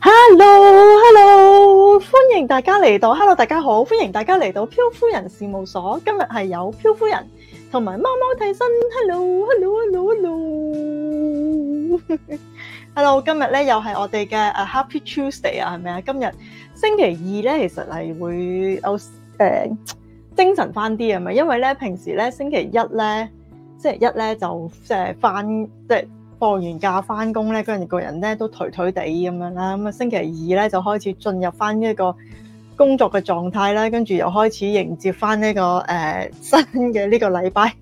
Hello，Hello，Hello，歡迎大家嚟到。Hello，大家好，歡迎大家嚟到飄夫人事務所。今日係有漂夫人同埋貓貓替身。Hello，Hello，Hello，Hello Hello。Hello, Hello. Hello，今日咧又係我哋嘅誒 Happy Tuesday 啊，係咪啊？今日星期二咧，其實係會有誒、呃、精神翻啲啊，咪因為咧平時咧星期一咧，星期一咧就即係翻即係。放完假翻工咧，跟住個人咧都頹頹地咁樣啦。咁啊，星期二咧就開始進入翻一個工作嘅狀態啦。跟住又開始迎接翻呢個誒新嘅呢個禮拜，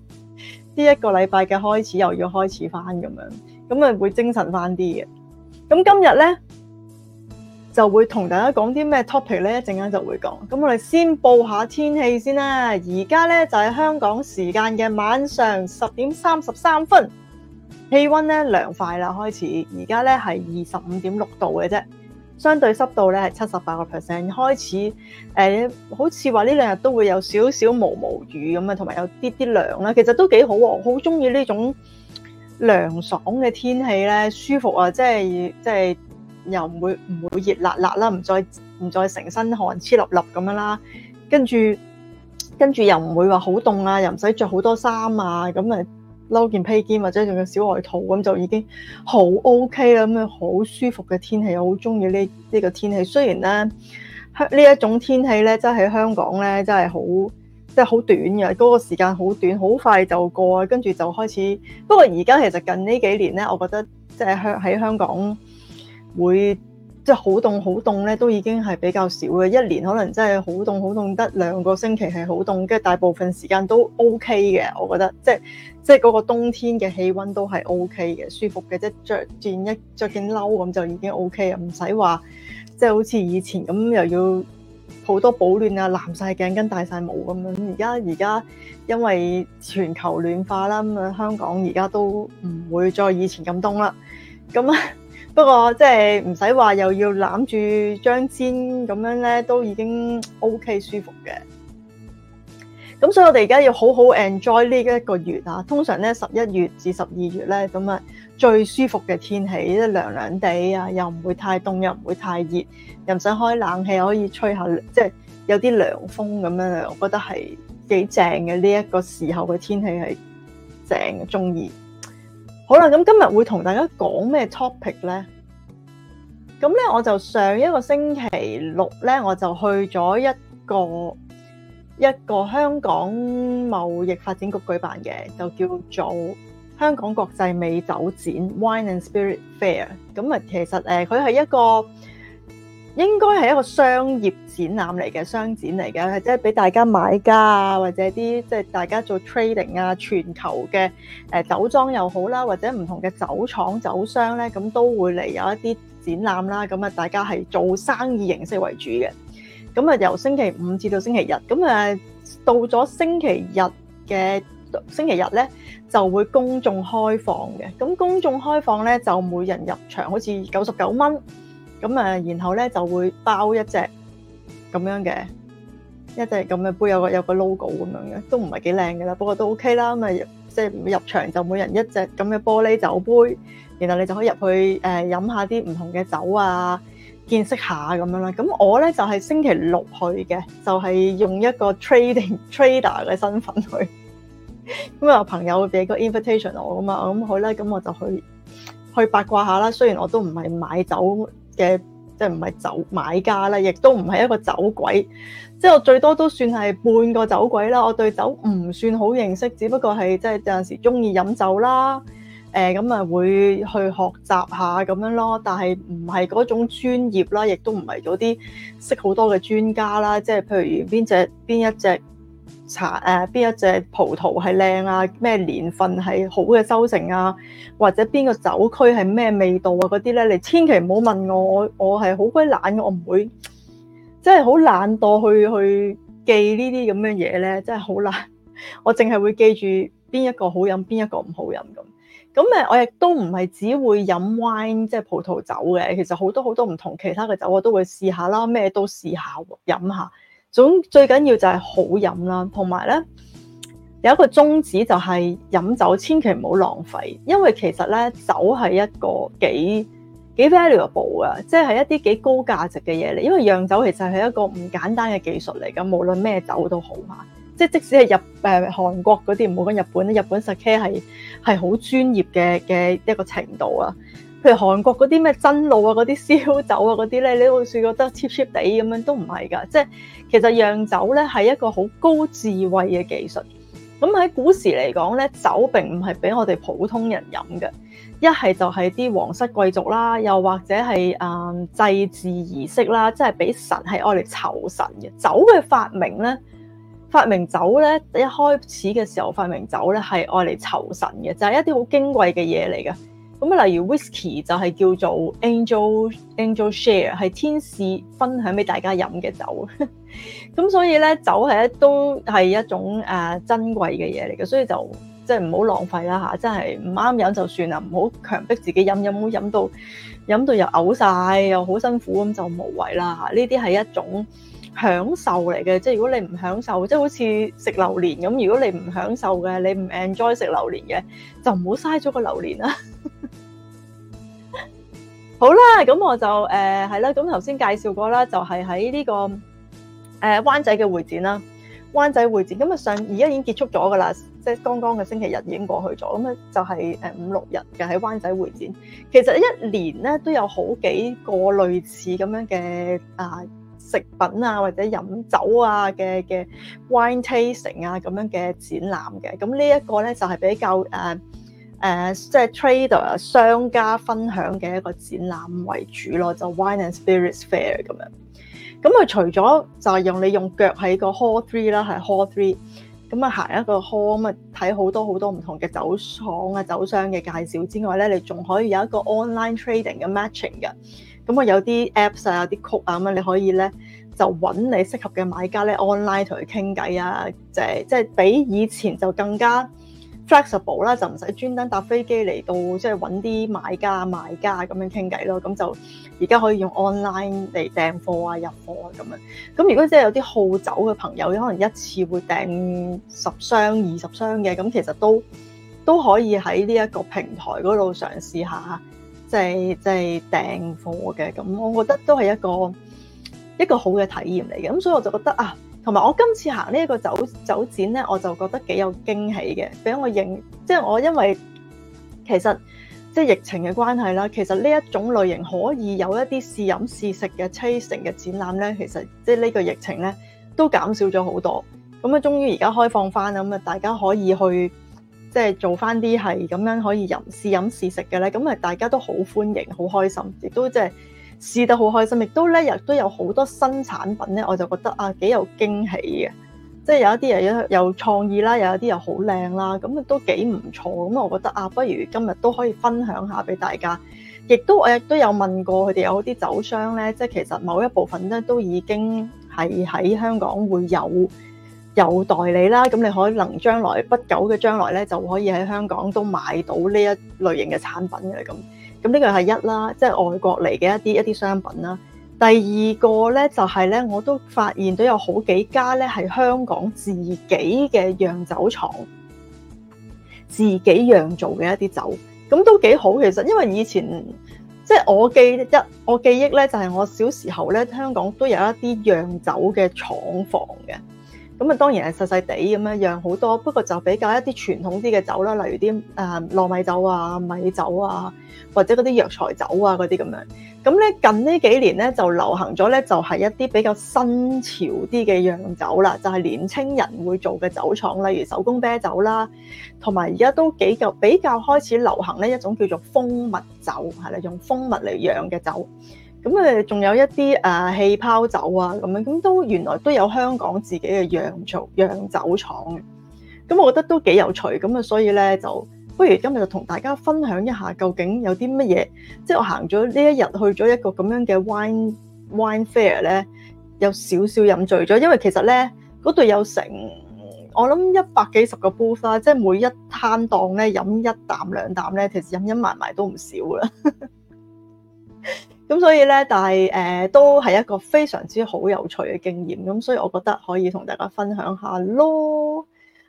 呢一個禮拜嘅開始又要開始翻咁樣。咁啊，會精神翻啲嘅。咁今日咧就會同大家講啲咩 topic 咧，一陣間就會講。咁我哋先報下天氣先啦。而家咧就係香港時間嘅晚上十點三十三分。氣温咧涼快啦，開始而家咧係二十五點六度嘅啫，相對濕度咧係七十八個 percent，開始誒、呃，好似話呢兩日都會有少少毛毛雨咁啊，同埋有啲啲涼啦，其實都幾好喎，我好中意呢種涼爽嘅天氣咧，舒服啊，即係即係又唔會唔會熱辣辣啦，唔再唔再成身汗黐笠笠咁樣啦，跟住跟住又唔會話好凍啊，又唔使着好多衫啊，咁啊～攞件披肩或者仲有小外套咁就已經好 OK 啦，咁樣好舒服嘅天氣，我好中意呢呢個天氣。雖然咧，香呢一種天氣咧，真係喺香港咧，真係好即係好短嘅，嗰、那個時間好短，好快就過呀，跟住就開始。不過而家其實近呢幾年咧，我覺得即係香喺香港會。即係好凍好凍咧，都已經係比較少嘅。一年可能真係好凍好凍得兩個星期係好凍，跟住大部分時間都 OK 嘅。我覺得即係即係嗰個冬天嘅氣温都係 OK 嘅，舒服嘅，即係著件一着件褸咁就已經 OK 啊，唔使話即係好似以前咁又要好多保暖啊，攬晒頸巾戴晒帽咁樣。而家而家因為全球暖化啦，咁啊香港而家都唔會再以前咁凍啦。咁啊～不過即係唔使話又要攬住張氈咁樣咧，都已經 OK 舒服嘅。咁所以我哋而家要好好 enjoy 呢一個月啊。通常咧十一月至十二月咧咁啊，最舒服嘅天氣即係涼涼地啊，又唔會太凍，又唔會太熱，又唔使開冷氣，可以吹下即係有啲涼風咁樣。我覺得係幾正嘅，呢一個時候嘅天氣係正嘅，中意。好啦，咁今日會同大家講咩 topic 咧？咁咧我就上一個星期六咧，我就去咗一個一個香港貿易發展局舉辦嘅，就叫做香港國際美酒展 （Wine and Spirit Fair）。咁啊，其實誒，佢係一個。應該係一個商業展覽嚟嘅商展嚟嘅，即係俾大家買家啊，或者啲即係大家做 trading 啊，全球嘅誒酒莊又好啦，或者唔同嘅酒廠酒商咧，咁都會嚟有一啲展覽啦。咁啊，大家係做生意形式為主嘅。咁啊，由星期五至到星期日，咁啊到咗星期日嘅星期日咧，就會公眾開放嘅。咁公眾開放咧，就每人入場好似九十九蚊。咁啊，然後咧就會包一隻咁樣嘅一隻咁嘅杯，有個有個 logo 咁樣嘅，都唔係幾靚㗎啦。不過都 OK 啦。咁啊，即係入場就每人一隻咁嘅玻璃酒杯，然後你就可以入去誒飲、呃、下啲唔同嘅酒啊，見識一下咁樣啦。咁我咧就係星期六去嘅，就係用一個 trading trader 嘅身份去咁啊。 我朋友俾個 invitation 我咁啊，咁好啦。咁我就去去八卦一下啦。雖然我都唔係買酒。嘅即係唔係酒買家啦，亦都唔係一個酒鬼，即係我最多都算係半個酒鬼啦。我對酒唔算好認識，只不過係即係有陣時中意飲酒啦，誒咁啊會去學習下咁樣咯。但係唔係嗰種專業啦，亦都唔係嗰啲識好多嘅專家啦。即係譬如邊隻邊一隻。查誒邊一隻葡萄係靚啊？咩年份係好嘅收成啊？或者邊個酒區係咩味道啊？嗰啲咧，你千祈唔好問我，我係好鬼懶，我唔會，即係好懶惰去去記呢啲咁嘅嘢咧，真係好難。我淨係會記住邊一個好飲，邊一個唔好飲咁。咁誒，我亦都唔係只會飲 wine，即係葡萄酒嘅。其實好多好多唔同其他嘅酒，我都會試下啦，咩都試下喎，飲下。總最緊要就係好飲啦，同埋咧，有一個宗旨，就係飲酒千祈唔好浪費。因為其實咧，酒係一個幾幾 valuable 噶，即係一啲幾高價值嘅嘢嚟。因為釀酒其實係一個唔簡單嘅技術嚟，咁無論咩酒都好嘛，即係即使係日誒韓國嗰啲，唔好講日本咧，日本 Sake 係好專業嘅嘅一個程度啦。譬如韓國嗰啲咩真露啊、嗰啲燒酒啊、嗰啲咧，你都好似覺得 cheap cheap 地咁樣，都唔係㗎。即係其實釀酒咧係一個好高智慧嘅技術。咁喺古時嚟講咧，酒並唔係俾我哋普通人飲嘅，是一係就係啲皇室貴族啦，又或者係啊、嗯、祭祀儀式啦，即係俾神係愛嚟酬神嘅酒嘅發明咧。發明酒咧，一開始嘅時候發明酒咧係愛嚟酬神嘅，就係、是、一啲好矜貴嘅嘢嚟嘅。咁例如 Whisky 就係叫做 Angel Angel Share，係天使分享俾大家飲嘅酒。咁 所以咧，酒係都係一種誒、啊、珍貴嘅嘢嚟嘅，所以就即係唔好浪費啦嚇、啊。真係唔啱飲就算啦，唔好強迫自己飲飲飲到飲到又嘔晒，又好辛苦咁就無謂啦。呢啲係一種享受嚟嘅，即係如果你唔享受，即係好似食榴蓮咁。如果你唔享受嘅，你唔 enjoy 食榴蓮嘅，就唔好嘥咗個榴蓮啦。 好啦，咁我就誒係、呃、啦。咁頭先介紹過啦，就係喺呢個誒灣、呃、仔嘅會展啦，灣仔會展。咁啊上而家已經結束咗噶啦，即係剛剛嘅星期日已經過去咗。咁咧就係誒五六日嘅喺灣仔會展。其實一年咧都有好幾個類似咁樣嘅啊。食品啊，或者飲酒啊嘅嘅 wine tasting 啊咁樣嘅展覽嘅，咁呢一個咧就係比較誒誒即係 trader 啊，商家分享嘅一個展覽為主咯，就 wine and spirits fair 咁樣。咁佢除咗就係用你用腳喺個 hall three 啦，係 hall three 咁啊，行一個 hall 咁啊，睇好多好多唔同嘅酒廠啊酒商嘅介紹之外咧，你仲可以有一個 online trading 嘅 matching 嘅。咁我有啲 apps 啊，有啲曲啊，咁樣你可以咧就揾你適合嘅買家咧 online 同佢傾偈啊，就係即係比以前就更加 flexible 啦，就唔使專登搭飛機嚟到，即係揾啲買家賣家咁樣傾偈咯。咁就而家可以用 online 嚟訂貨啊、入貨啊咁樣。咁如果即係有啲好酒嘅朋友，可能一次會訂十箱、二十箱嘅，咁其實都都可以喺呢一個平台嗰度嘗試下。即係即係訂貨嘅咁，就是、我覺得都係一個一個好嘅體驗嚟嘅。咁所以我就覺得啊，同埋我今次行呢一個酒酒展呢，我就覺得幾有驚喜嘅。俾我認，即、就、係、是、我因為其實即係疫情嘅關係啦，其實呢一、就是、種類型可以有一啲試飲試食嘅、吹成嘅展覽呢，其實即係呢個疫情呢都減少咗好多。咁啊，終於而家開放翻啦，咁啊大家可以去。即、係做翻啲係咁樣可以飲試飲試食嘅咧，咁啊大家都好歡迎，好開心，亦都即係試得好開心，亦都咧亦都有好多新產品咧，我就覺得啊幾有驚喜嘅，即、係有一啲又有創意啦，有一啲又好靚啦，咁啊都幾唔錯，咁我覺得啊，不如今日都可以分享下俾大家，亦都我亦都有問過佢哋有啲酒商咧，即、係其實某一部分咧都已經係喺香港會有。有代理啦，咁你可能將來不久嘅將來咧，就可以喺香港都買到呢一類型嘅產品嘅咁。咁呢個係一啦，即係外國嚟嘅一啲一啲商品啦。第二個咧就係咧，我都發現都有好幾家咧係香港自己嘅釀酒廠，自己釀造嘅一啲酒，咁都幾好其實。因為以前即係我記憶，我記憶咧就係我小時候咧，香港都有一啲釀酒嘅廠房嘅。咁啊，當然係細細地咁樣釀好多，不過就比較一啲傳統啲嘅酒啦，例如啲誒糯米酒啊、米酒啊，或者嗰啲藥材酒啊嗰啲咁樣。咁咧近呢幾年咧就流行咗咧，就係一啲比較新潮啲嘅釀酒啦，就係年青人會做嘅酒廠，例如手工啤酒啦，同埋而家都比較比較開始流行呢一種叫做蜂蜜酒，係啦，用蜂蜜嚟釀嘅酒。咁誒，仲有一啲誒氣泡酒啊，咁樣咁都原來都有香港自己嘅釀造釀酒廠嘅，咁我覺得都幾有趣。咁啊，所以咧就不如今日就同大家分享一下究竟有啲乜嘢，即係我行咗呢一日去咗一個咁樣嘅 wine wine fair 咧，有少少飲醉咗，因為其實咧嗰度有成我諗一百幾十個 booth，即係每一攤檔咧飲一啖兩啖咧，其實飲飲埋埋都唔少啦。咁所以咧，但係誒、呃、都係一個非常之好有趣嘅經驗。咁所以我覺得可以同大家分享下咯。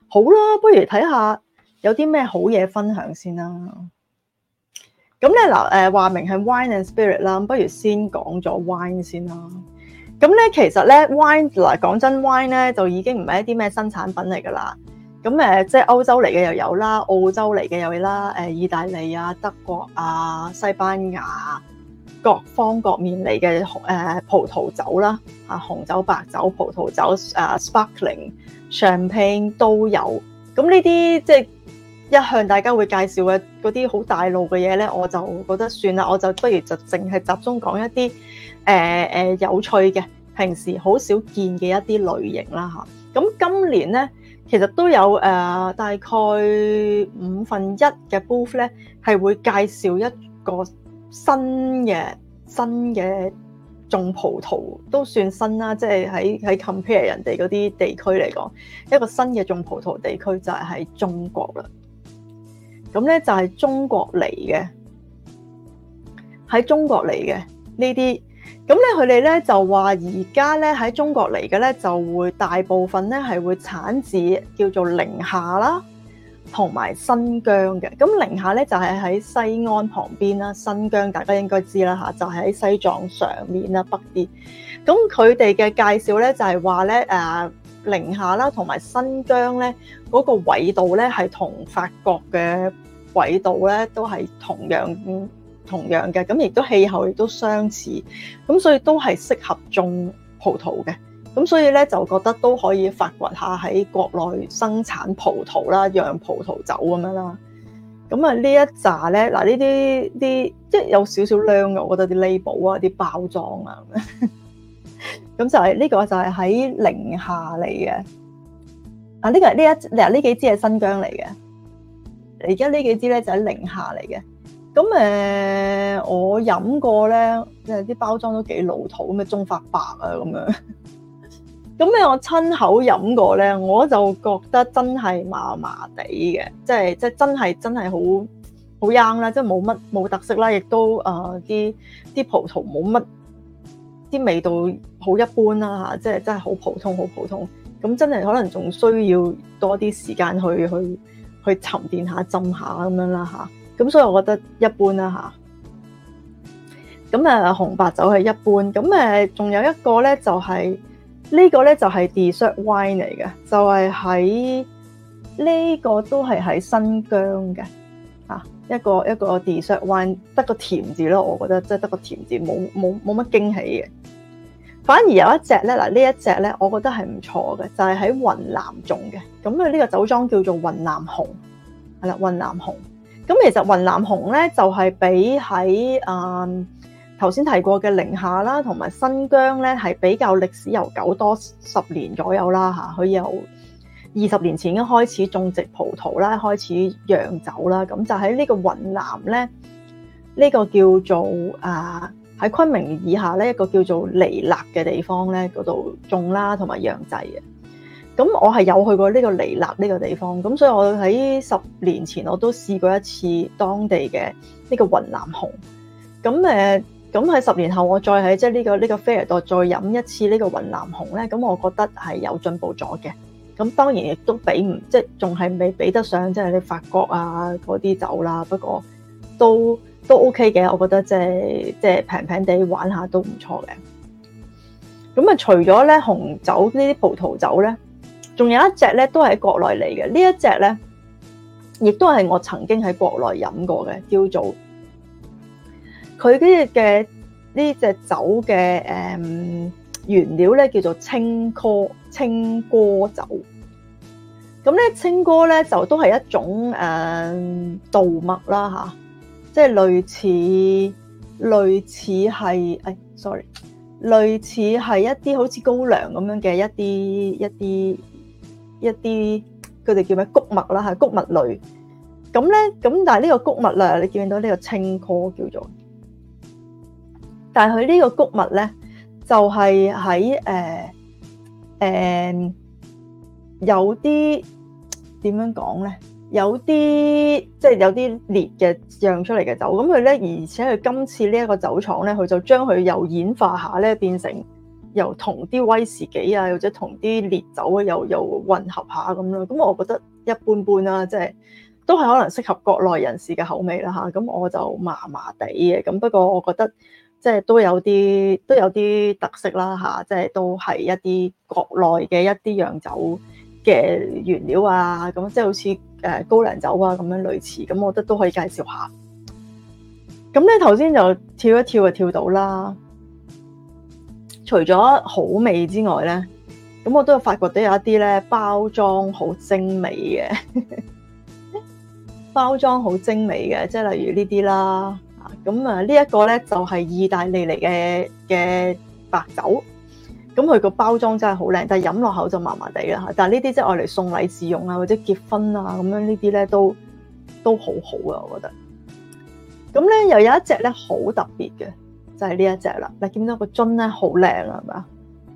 好啦，不如睇下有啲咩好嘢分享先啦。咁咧嗱誒，話、呃、明係 wine and spirit 啦，不如先講咗 wine 先啦。咁咧其實咧 wine 嗱講真 wine 咧就已經唔係一啲咩新產品嚟噶啦。咁誒、呃、即係歐洲嚟嘅又有啦，澳洲嚟嘅又有啦，誒、呃、意大利啊、德國啊、西班牙。各方各面嚟嘅誒葡萄酒啦，啊紅酒、白酒、葡萄酒啊 sparkling、champagne 都有。咁呢啲即係一向大家會介紹嘅嗰啲好大路嘅嘢咧，我就覺得算啦，我就不如就淨係集中講一啲誒誒有趣嘅，平時好少見嘅一啲類型啦嚇。咁今年咧，其實都有誒、呃、大概五分一嘅 booth 咧，係會介紹一個，新嘅新嘅種葡萄都算新啦，即係喺喺 compare 人哋嗰啲地區嚟講，一個新嘅種葡萄地區就係喺中國啦。咁咧就係中國嚟嘅，喺中國嚟嘅呢啲，咁咧佢哋咧就話而家咧喺中國嚟嘅咧就會大部分咧係會產自叫做寧夏啦。同埋新疆嘅，咁寧夏咧就係喺西安旁邊啦，新疆大家應該知啦吓，就係喺西藏上面啦北啲。咁佢哋嘅介紹咧就係話咧，誒，寧夏啦同埋新疆咧嗰個緯度咧係同法國嘅緯度咧都係同樣同樣嘅，咁亦都氣候亦都相似，咁所以都係適合種葡萄嘅。咁所以咧就覺得都可以發掘下喺國內生產葡萄啦，釀葡萄酒咁樣啦。咁啊呢這這一紮咧嗱呢啲啲即係有少少靚嘅，我覺得啲 label 啊、啲包裝啊咁咁 就係、是、呢、這個就係喺寧夏嚟嘅。啊呢個係呢一嗱呢幾支係新疆嚟嘅。而家呢幾支咧就喺、是、寧夏嚟嘅。咁誒我飲過咧，即係啲包裝都幾老土，咩中發白啊咁樣。咁咧，我親口飲過咧，我就覺得真係麻麻地嘅，即係即真係真係好好 young 啦，即係冇乜冇特色啦，亦都啊啲啲葡萄冇乜啲味道好一般啦嚇，即係真係好普通好普通。咁真係可能仲需要多啲時間去去去沉澱下、浸下咁樣啦嚇。咁、啊、所以我覺得一般啦嚇。咁啊紅白酒係一般，咁誒仲有一個咧就係、是。這個、呢個咧就係 dessert wine 嚟嘅，就係喺呢個都係喺新疆嘅，啊一個一個 dessert wine 得個甜字咯，我覺得即係得個甜字，冇冇冇乜驚喜嘅。反而有一隻咧，嗱呢一隻咧，我覺得係唔錯嘅，就係喺雲南種嘅。咁佢呢個酒莊叫做雲南紅，係啦，雲南紅。咁其實雲南紅咧就係、是、比喺啊。嗯頭先提過嘅寧夏啦，同埋新疆咧，係比較歷史悠久多十年左右啦嚇。佢由二十年前已經開始種植葡萄啦，開始釀酒啦。咁就喺呢個雲南咧，呢、這個叫做啊喺昆明以下咧一個叫做彌勒嘅地方咧嗰度種啦，同埋釀製嘅。咁我係有去過呢個彌勒呢個地方，咁所以我喺十年前我都試過一次當地嘅呢個雲南紅。咁誒～咁喺十年後，我再喺即係呢個呢、呢個 fair 度再飲一次呢個雲南紅咧，咁我覺得係有進步咗嘅。咁當然亦都比唔即係仲係未比得上即係你法國啊嗰啲酒啦。不過都都 OK 嘅，我覺得即係即係平平地玩下都唔錯嘅。咁啊，除咗咧紅酒呢啲葡萄酒咧，仲有一隻咧都喺國內嚟嘅。這一呢一隻咧，亦都係我曾經喺國內飲過嘅，叫做。佢啲嘅呢隻酒嘅誒原料咧，叫做青稞，青稞酒。咁咧青稞咧就都係一種誒稻麥啦，嚇，即係類似類似係誒，sorry，類似係一啲好似高粱咁樣嘅一啲一啲一啲佢哋叫咩穀物啦，嚇，穀物類。咁咧咁，但係呢個穀物啦，你見唔見到呢個青稞叫做。但係佢呢個穀物咧，就係喺誒誒有啲點樣講咧？有啲即係有啲、就是、烈嘅釀出嚟嘅酒，咁佢咧，而且佢今次呢一個酒廠咧，佢就將佢又演化下咧，變成由同啲威士忌啊，或者同啲烈酒啊又又混合下咁咯。咁我覺得一般般啦、啊，即、就、係、是、都係可能適合國內人士嘅口味啦、啊、嚇。咁我就麻麻地嘅，咁不過我覺得。即係都有啲都有啲特色啦吓，即係都係一啲國內嘅一啲洋酒嘅原料啊，咁即係好似誒高粱酒啊咁樣類似，咁我覺得都可以介紹下。咁咧頭先就跳一跳就跳到啦。除咗好味之外咧，咁我都發覺到有一啲咧包裝好精美嘅，包裝好精美嘅， 即係例如呢啲啦。咁啊，呢一個咧就係意大利嚟嘅嘅白酒，咁佢個包裝真係好靚，但係飲落口就麻麻地啦嚇。但係呢啲即係愛嚟送禮自用啊，或者結婚啊咁樣呢啲咧都都好好啊，我覺得。咁咧又有一隻咧好特別嘅，就係呢一隻啦。你見到個樽咧好靚啊，係咪啊？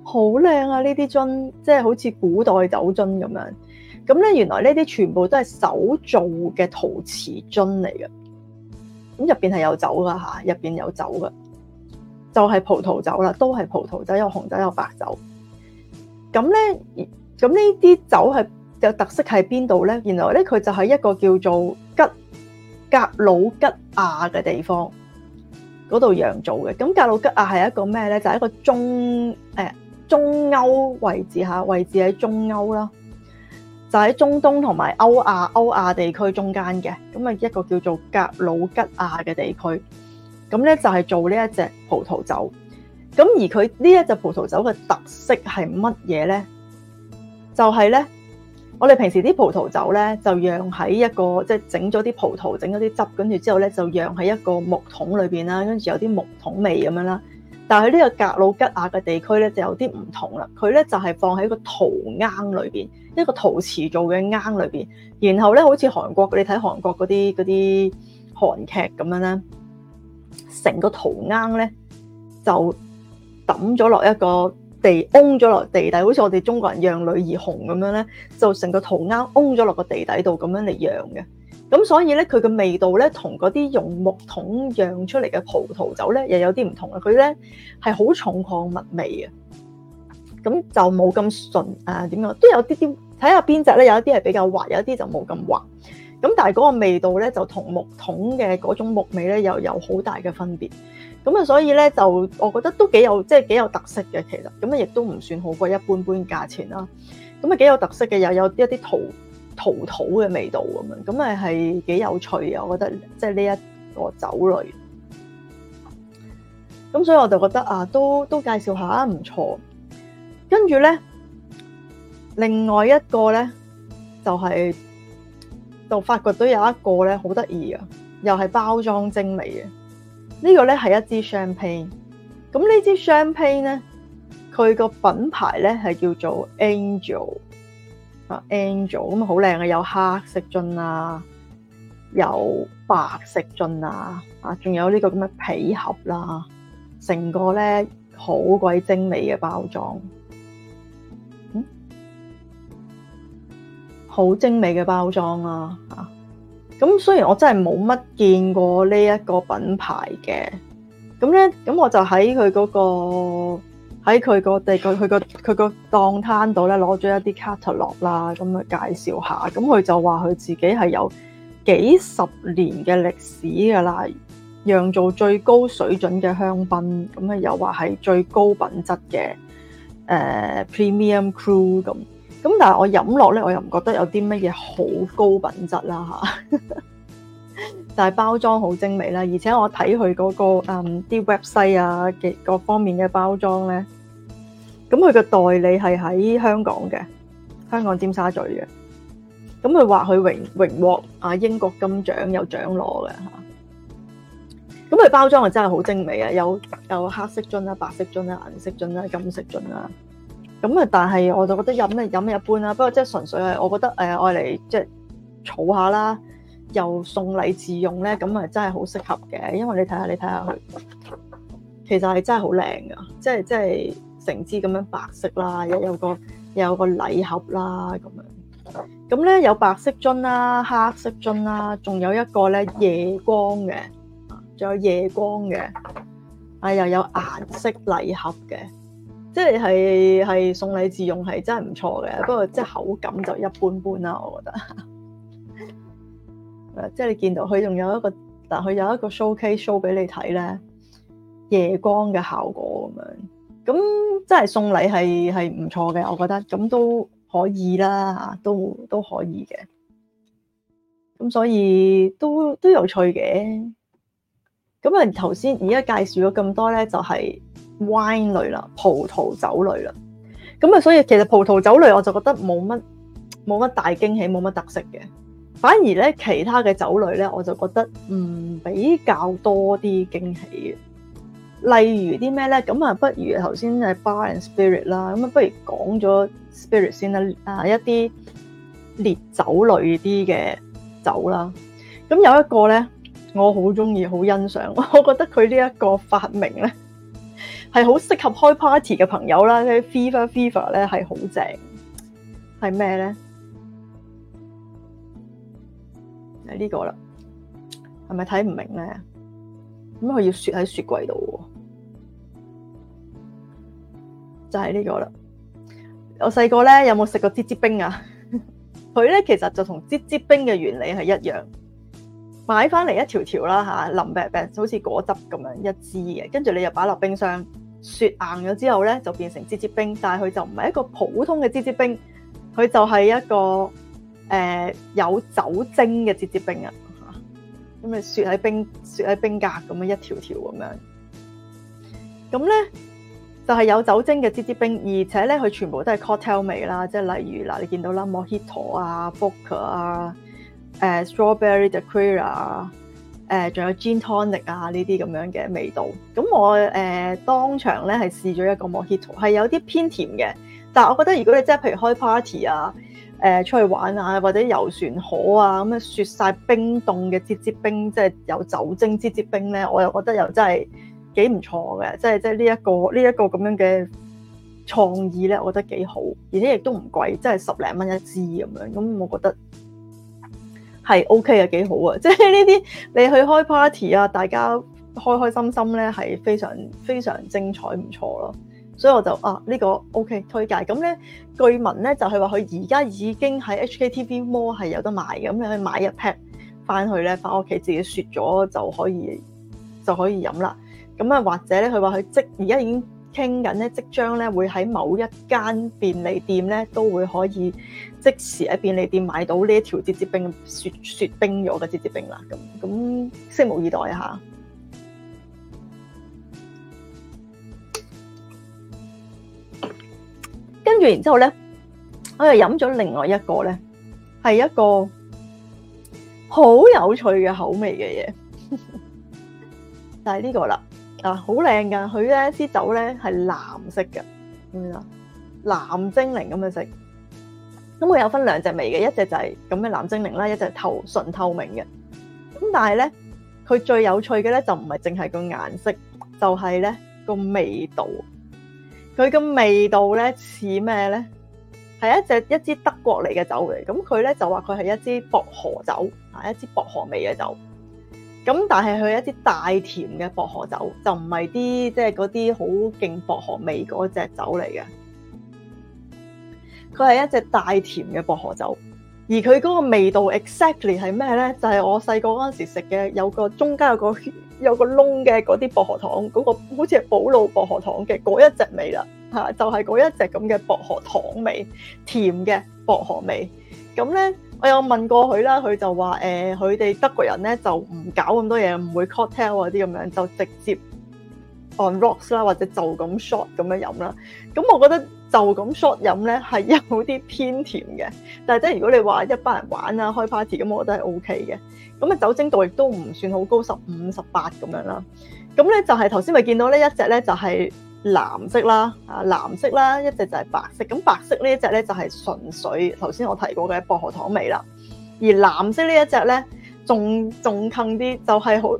好靚啊！呢啲樽即係好似古代酒樽咁樣。咁咧原來呢啲全部都係手做嘅陶瓷樽嚟嘅。咁入邊係有酒噶吓，入邊有酒噶，就係、是、葡萄酒啦，都係葡萄酒，有紅酒有白酒。咁咧，咁呢啲酒係嘅特色喺邊度咧？原來咧佢就係一個叫做吉格魯吉亞嘅地方，嗰度釀造嘅。咁格魯吉亞係一個咩咧？就係、是、一個中誒、哎、中歐位置吓，位置喺中歐啦。就喺中東同埋歐亞、歐亞地區中間嘅，咁啊一個叫做格魯吉亞嘅地區，咁咧就係做呢一隻葡萄酒，咁而佢呢一隻葡萄酒嘅特色係乜嘢咧？就係咧，我哋平時啲葡萄酒咧就釀喺一個即係整咗啲葡萄整咗啲汁，跟住之後咧就釀喺一個木桶裏邊啦，跟住有啲木桶味咁樣啦。但喺呢個格魯吉亞嘅地區咧，就有啲唔同啦。佢咧就係、是、放喺個陶罌裏邊，一個陶瓷做嘅罌裏邊。然後咧，好似韓國，你睇韓國嗰啲啲韓劇咁樣咧，成個陶罌咧就揼咗落一個地，凹咗落地底，好似我哋中國人釀女兒紅咁樣咧，就成個陶罌凹咗落個地底度咁樣嚟釀嘅。咁所以咧，佢嘅味道咧，同嗰啲用木桶釀出嚟嘅葡萄酒咧，又有啲唔同啦。佢咧係好重礦物味啊，咁就冇咁順啊，點樣都有啲啲睇下邊隻咧，有一啲係比較滑，有一啲就冇咁滑。咁但係嗰個味道咧，就同木桶嘅嗰種木味咧，又有好大嘅分別。咁啊，所以咧，就我覺得都幾有，即係幾有特色嘅。其實咁啊，亦都唔算好過一般般價錢啦。咁啊，幾有特色嘅，又有啲一啲桃。桃桃嘅味道咁樣，咁咪係幾有趣啊！我覺得即係呢一個酒類，咁所以我就覺得啊，都都介紹下唔錯。跟住咧，另外一個咧就係、是、就發掘到有一個咧好得意啊，又係包裝精美嘅。這個、呢個咧係一支 champagne，咁呢支 champagne 咧，佢個品牌咧係叫做 Angel。Angel 咁啊，好靚啊，有黑色樽啊，有白色樽啊，啊，仲有呢個咁嘅皮盒啦，成個咧好鬼精美嘅包裝，嗯，好精美嘅包裝啦，啊，咁雖然我真係冇乜見過呢一個品牌嘅，咁咧，咁我就喺佢嗰個。喺佢個地、佢佢個佢個檔攤度咧，攞咗一啲 catalog 啦，咁啊介紹下。咁佢就話佢自己係有幾十年嘅歷史噶啦，釀造最高水準嘅香檳。咁啊又話係最高品質嘅誒、呃、premium cru 咁。咁但係我飲落咧，我又唔覺得有啲乜嘢好高品質啦嚇。但 係包裝好精美啦，而且我睇佢嗰個嗯啲 website 啊嘅各方面嘅包裝咧。咁佢嘅代理係喺香港嘅，香港尖沙咀嘅。咁佢話佢榮榮獲啊英國金獎，有獎攞嘅吓。咁佢包裝係真係好精美啊，有有黑色樽啦、白色樽啦、銀色樽啦、金色樽啦。咁啊，但係我就覺得飲咧飲一般啦。不過即係純粹係，我覺得誒愛嚟即係儲下啦，又送禮自用咧，咁啊真係好適合嘅。因為你睇下你睇下佢，其實係真係好靚噶，即係即係。就是成支咁樣白色啦，又有個又有個禮盒啦咁樣。咁咧有白色樽啦，黑色樽啦，仲有一個咧夜光嘅，仲有夜光嘅，啊又有顏色禮盒嘅，即係係送禮自用係真係唔錯嘅。不過即係口感就一般般啦，我覺得。 即係你見到佢仲有一個，嗱佢有一個 showcase show 俾你睇咧，夜光嘅效果咁樣。咁真係送禮係係唔錯嘅，我覺得咁都可以啦，吓都都可以嘅。咁所以都都有趣嘅。咁啊頭先而家介紹咗咁多咧，就係 wine 類啦，葡萄酒類啦。咁啊，所以其實葡萄酒類我就覺得冇乜冇乜大驚喜，冇乜特色嘅。反而咧其他嘅酒類咧，我就覺得唔比較多啲驚喜例如啲咩咧？咁啊，不如頭先係 Bar and Spirit 啦。咁啊，不如講咗 Spirit 先啦。啊，一啲烈酒類啲嘅酒啦。咁有一個咧，我好中意、好欣賞。我覺得佢呢一個發明咧，係好適合開 party 嘅朋友啦。佢 Fever Fever 咧係好正，係咩咧？係呢個啦，係咪睇唔明咧？咁佢要雪喺雪櫃度喎。就係、是、呢個啦。我細個咧，有冇食過滋滋冰啊？佢 咧其實就同滋滋冰嘅原理係一樣，買翻嚟一條條啦吓，淋 band band 就好似果汁咁樣一支嘅，跟住你又擺落冰箱，雪硬咗之後咧就變成滋滋冰，但係佢就唔係一個普通嘅滋滋冰，佢就係一個誒、呃、有酒精嘅滋滋冰啊。咁、嗯、啊，雪喺冰雪喺冰格咁樣一條條咁樣，咁咧。就係、是、有酒精嘅節節冰，而且咧佢全部都係 cocktail 味啦，即係例如嗱，你見到啦，Mojito 啊，book 啊，誒 strawberry daiquiri 啊，誒、呃、仲、呃、有 gin tonic 啊呢啲咁樣嘅味道。咁我誒、呃、當場咧係試咗一個 Mojito 係有啲偏甜嘅。但係我覺得如果你即係譬如開 party 啊，誒、呃、出去玩啊，或者遊船河啊咁啊，咁樣雪晒冰凍嘅節節冰，即、就、係、是、有酒精節節冰咧，我又覺得又真係～幾唔錯嘅，即係即係呢一個呢一個咁樣嘅創意咧，我覺得幾好，而且亦都唔貴，即係十零蚊一支咁樣，咁我覺得係 OK 嘅，幾好啊！即係呢啲你去開 party 啊，大家開開心心咧，係非常非常精彩，唔錯咯。所以我就啊呢個 OK 推介。咁咧據聞咧就係話佢而家已經喺 HKTV Mall 係有得賣，咁樣買一 pack 翻去咧，翻屋企自己雪咗就可以就可以飲啦。咁啊，或者咧，佢話佢即而家已經傾緊咧，即將咧會喺某一間便利店咧，都會可以即時喺便利店買到呢一條節節冰雪雪冰咗嘅節節冰啦。咁咁拭目以待下。跟住然之後咧，我又飲咗另外一個咧，係一個好有趣嘅口味嘅嘢， 就係呢個啦。啊，好靚噶！佢咧支酒咧係藍色嘅，咁樣啦？藍精靈咁嘅色，咁佢有分兩隻味嘅，一隻就係咁嘅藍精靈啦，一隻透純透明嘅。咁但係咧，佢最有趣嘅咧就唔係淨係個顏色，就係咧個味道。佢個味道咧似咩咧？係一隻一支德國嚟嘅酒嚟，咁佢咧就話佢係一支薄荷酒啊，一支薄荷味嘅酒咁但係佢係一啲大甜嘅薄荷酒，就唔係啲即係嗰啲好勁薄荷味嗰隻酒嚟嘅。佢係一隻大甜嘅薄荷酒，而佢嗰個味道 exactly 係咩咧？就係、是、我細個嗰陣時食嘅，有個中間有個有個窿嘅嗰啲薄荷糖，嗰、那個好似係保老薄荷糖嘅嗰一隻味啦，嚇就係、是、嗰一隻咁嘅薄荷糖味，甜嘅薄荷味，咁咧。我有問過佢啦，佢就話：誒、呃，佢哋德國人咧就唔搞咁多嘢，唔會 cocktail 嗰啲咁樣，就直接 on rocks 啦，或者就咁 shot 咁樣飲啦。咁我覺得就咁 shot 飲咧係有啲偏甜嘅，但係即係如果你話一班人玩啊開 party 咁，我覺得係 OK 嘅。咁啊酒精度亦都唔算好高，十五十八咁樣啦。咁咧就係頭先咪見到呢一隻咧就係、是。藍色啦，啊藍色啦，一隻就係白色。咁白色呢一隻咧就係純粹頭先我提過嘅薄荷糖味啦。而藍色呢一隻咧仲仲近啲，就係好誒，佢、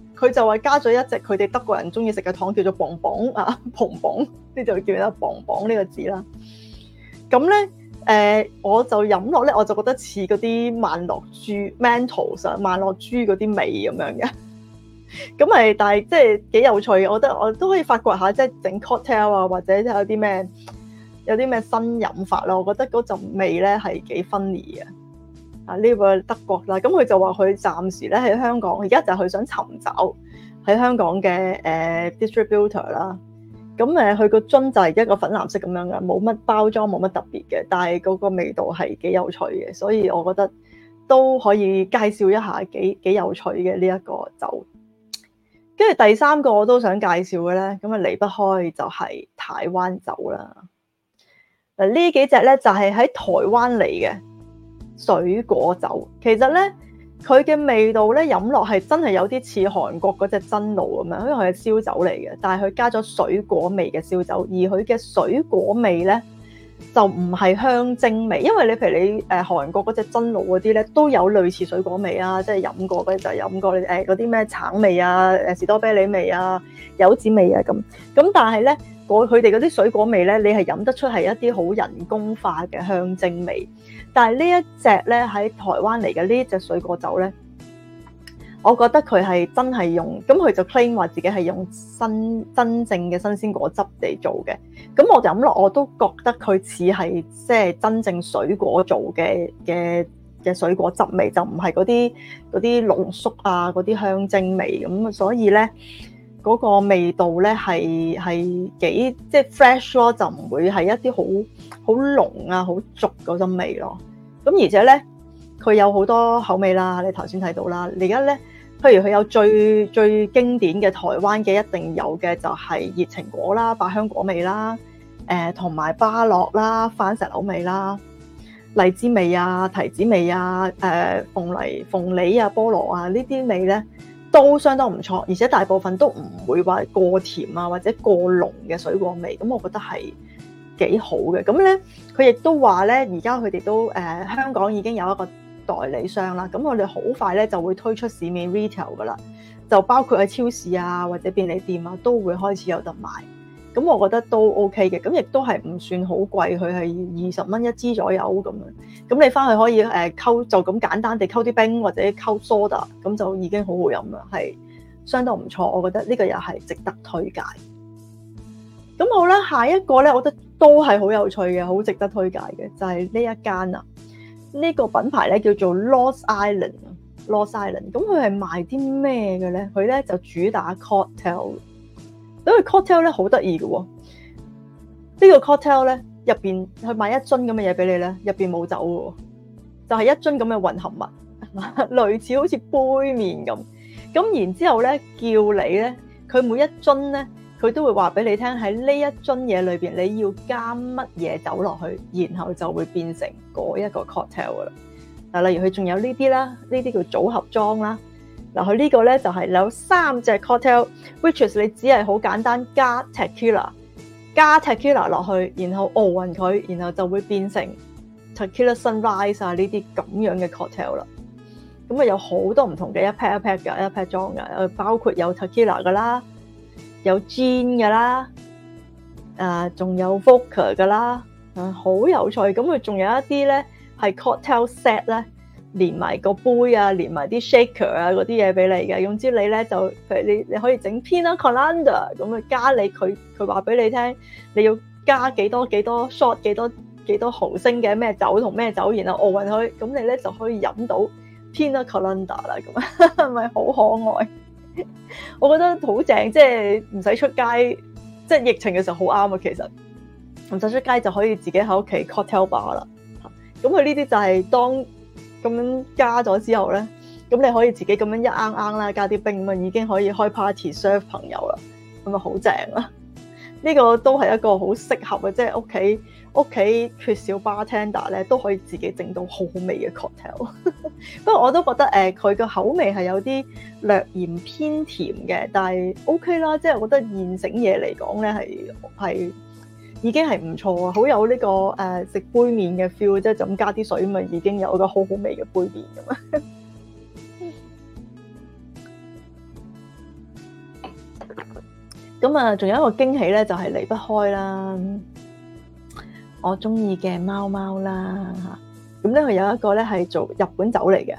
呃、就話加咗一隻佢哋德國人中意食嘅糖叫做磅磅」。「啊，磅磅，呢 就叫咩磅磅」呢個字啦。咁咧誒，我就飲落咧，我就覺得似嗰啲曼樂珠 Mentos 上曼樂珠嗰啲味咁樣嘅。咁咪，但係即係幾有趣。我覺得我都可以發掘下，即係整 cocktail 啊，或者有啲咩有啲咩新飲法咯。我覺得嗰陣味咧係幾芬尼嘅啊。呢個德國啦，咁佢就話佢暫時咧喺香港，而家就係佢想尋找喺香港嘅誒、呃、distributor 啦。咁誒，佢個樽就係一個粉藍色咁樣嘅，冇乜包裝，冇乜特別嘅，但係嗰個味道係幾有趣嘅。所以我覺得都可以介紹一下，幾幾有趣嘅呢一個酒。跟住第三個我都想介紹嘅咧，咁啊離不開就係台灣酒啦。嗱呢幾隻咧就係喺台灣嚟嘅水果酒，其實咧佢嘅味道咧飲落係真係有啲似韓國嗰隻真露咁樣，因為佢係燒酒嚟嘅，但係佢加咗水果味嘅燒酒，而佢嘅水果味咧。就唔係香精味，因為你譬如你誒韓國嗰隻真露嗰啲咧，都有類似水果味啊，即係飲過嗰啲就係飲過你誒嗰啲咩橙味啊、誒士多啤梨味啊、柚子味啊咁。咁但係咧，佢哋嗰啲水果味咧，你係飲得出係一啲好人工化嘅香精味。但係呢一隻咧喺台灣嚟嘅呢一隻水果酒咧。我覺得佢係真係用咁，佢就 claim 話自己係用新真，真正嘅新鮮果汁嚟做嘅。咁我飲落我都覺得佢似係即係真正水果做嘅嘅嘅水果汁味，就唔係嗰啲嗰啲濃縮啊嗰啲香精味咁。所以咧，嗰個味道咧係係幾即係 fresh 咯，就唔會係一啲好好濃啊好足嗰種味咯。咁而且咧，佢有好多口味啦，你頭先睇到啦，而家咧。譬如佢有最最經典嘅台灣嘅一定有嘅就係熱情果啦、百香果味啦、誒同埋芭樂啦、番石榴味啦、荔枝味啊、提子味啊、誒、呃、鳳梨鳳梨啊、菠蘿啊這些呢啲味咧都相當唔錯，而且大部分都唔會話過甜啊或者過濃嘅水果味，咁我覺得係幾好嘅。咁咧佢亦都話咧，而家佢哋都誒香港已經有一個。代理商啦，咁我哋好快咧就會推出市面 retail 噶啦，就包括喺超市啊或者便利店啊都會開始有得買。咁我覺得都 OK 嘅，咁亦都係唔算好貴，佢係二十蚊一支左右咁樣。咁你翻去可以誒溝、呃、就咁簡單地溝啲冰或者溝 soda，咁就已經很好好飲啦，係相當唔錯。我覺得呢個又係值得推介。咁好啦，下一個咧，我覺得都係好有趣嘅，好值得推介嘅就係、是、呢一間啊。呢、呢個品牌咧叫做 Lost Island，Lost Island, Lost Island。咁佢係賣啲咩嘅咧？佢咧就主打 cocktail，咁佢 cocktail 咧好得意嘅喎。哦呢個，呢個 cocktail 咧入邊佢賣一樽咁嘅嘢俾你咧，入邊冇酒嘅，就係、係、一樽咁嘅混合物，類似好似杯麵咁。咁然之後咧叫你咧，佢每一樽咧。佢都會話俾你聽喺呢一樽嘢裏邊，你要加乜嘢酒落去，然後就會變成嗰一個 cocktail 噶啦。嗱，例如佢仲有呢啲啦，呢啲叫組合裝啦。嗱，佢呢個咧就係有三隻 cocktail，which is 你只係好簡單加 tequila 加 tequila 落去，然後撈勻佢，然後就會變成 tequila sunrise 啊呢啲咁樣嘅 cocktail 啦。咁啊有好多唔同嘅一 pack 一 pack 嘅一 pack 裝嘅，包括有 tequila 噶啦。有 gin 嘅啦，啊，仲有 vodka 噶啦，啊，好有趣。咁佢仲有一啲咧，係 cocktail set 咧，連埋個杯啊，連埋啲 shaker 啊，嗰啲嘢俾你嘅。總、嗯、之、嗯、你咧就，譬如你你,你可以整 pina colada 咁啊，加你佢佢話俾你聽，你要加幾多幾多 shot 幾多幾多毫升嘅咩酒同咩酒，然後奧運去，咁你咧就可以飲到 pina colada 啦，咁咪好可愛。 我覺得好正，即係唔使出街，即係疫情嘅時候好啱啊！其實唔使出街就可以自己喺屋企 cocktail bar 啦。咁佢呢啲就係當咁樣加咗之後咧，咁你可以自己咁樣一啱啱啦，加啲冰啊，已經可以開 party share 朋友啦，咁啊好正啊！呢、這個都係一個好適合嘅，即係屋企。屋企缺少 bartender 咧，都可以自己整到好好味嘅 cocktail。 不過我都覺得誒，佢、呃、嘅口味係有啲略嫌偏甜嘅，但係 OK 啦，即係我覺得現成嘢嚟講咧，係係已經係唔錯啊，好有呢、呢個誒食、呃、杯麪嘅 feel，即係就咁加啲水啊已經有一個好好味嘅杯麪咁 啊。咁啊，仲有一個驚喜咧，就係、係、離不開啦。我中意嘅貓貓啦，咁咧佢有一個咧係做日本酒嚟嘅，